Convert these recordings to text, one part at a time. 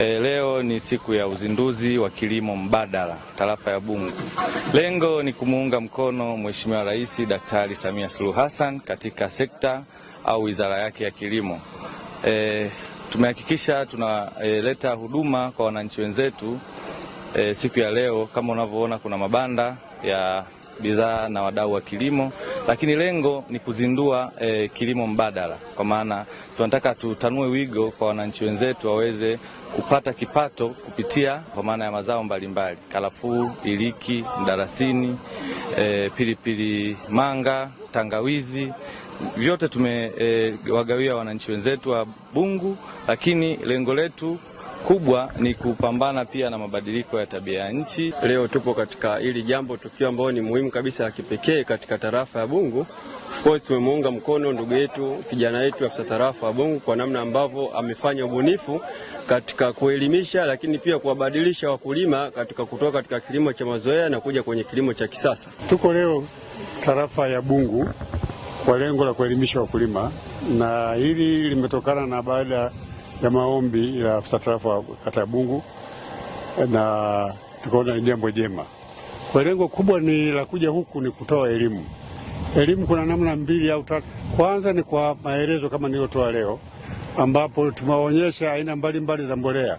E, leo ni siku ya uzinduzi wa kilimo mbadala tarafa ya Bungu. Lengo ni kumuunga mkono Mheshimiwa Rais Daktari Samia Suluhu Hassan katika sekta au wizara yake ya kilimo. E, tumehakikisha tunaleta e, huduma kwa wananchi wenzetu e, siku ya leo kama unavyoona kuna mabanda ya bidhaa na wadau wa kilimo lakini lengo ni kuzindua e, kilimo mbadala, kwa maana tunataka tutanue wigo kwa wananchi wenzetu waweze kupata kipato kupitia kwa maana ya mazao mbalimbali Karafuu, iliki, mdalasini, e, eh, pilipili manga, tangawizi vyote tumewagawia eh, e, wananchi wenzetu wa Bungu, lakini lengo letu kubwa ni kupambana pia na mabadiliko ya tabia ya nchi. Leo tupo katika hili jambo, tukio ambao ni muhimu kabisa la kipekee katika tarafa ya Bungu. Of course tumemuunga mkono ndugu yetu kijana yetu afisa tarafa ya Bungu kwa namna ambavyo amefanya ubunifu katika kuelimisha, lakini pia kuwabadilisha wakulima katika kutoka katika kilimo cha mazoea na kuja kwenye kilimo cha kisasa. Tuko leo tarafa ya Bungu kwa lengo la kuelimisha wakulima, na hili limetokana na baada ya maombi ya afisa tarafa wa kata ya Bungu, na tukaona ni jambo jema. Kwa lengo kubwa ni la kuja huku ni kutoa elimu. Elimu kuna namna mbili au tatu. Kwanza ni kwa maelezo kama niliyotoa leo, ambapo tumewaonyesha aina mbalimbali za mbolea,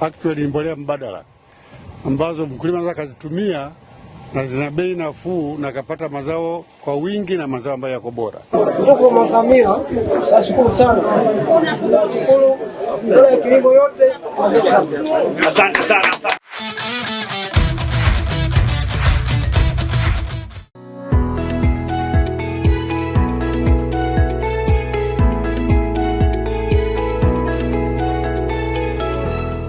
actually mbolea mbadala ambazo mkulima anaweza akazitumia na zina bei nafuu na akapata mazao kwa wingi na mazao ambayo yako bora. Ndugu Mama nashukuru sana, nashukuru Sana sana sana.